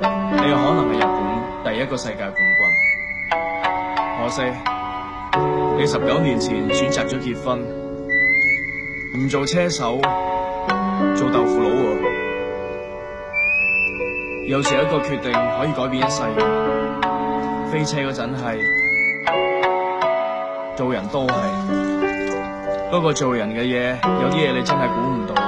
你有可能係日本第一個世界冠軍，可惜你十九年前選擇咗結婚，唔做車手，做豆腐佬啊！有時一個決定可以改變一世，飛車嗰陣係，做人都係，不過做人嘅嘢，有啲嘢你真係估唔到。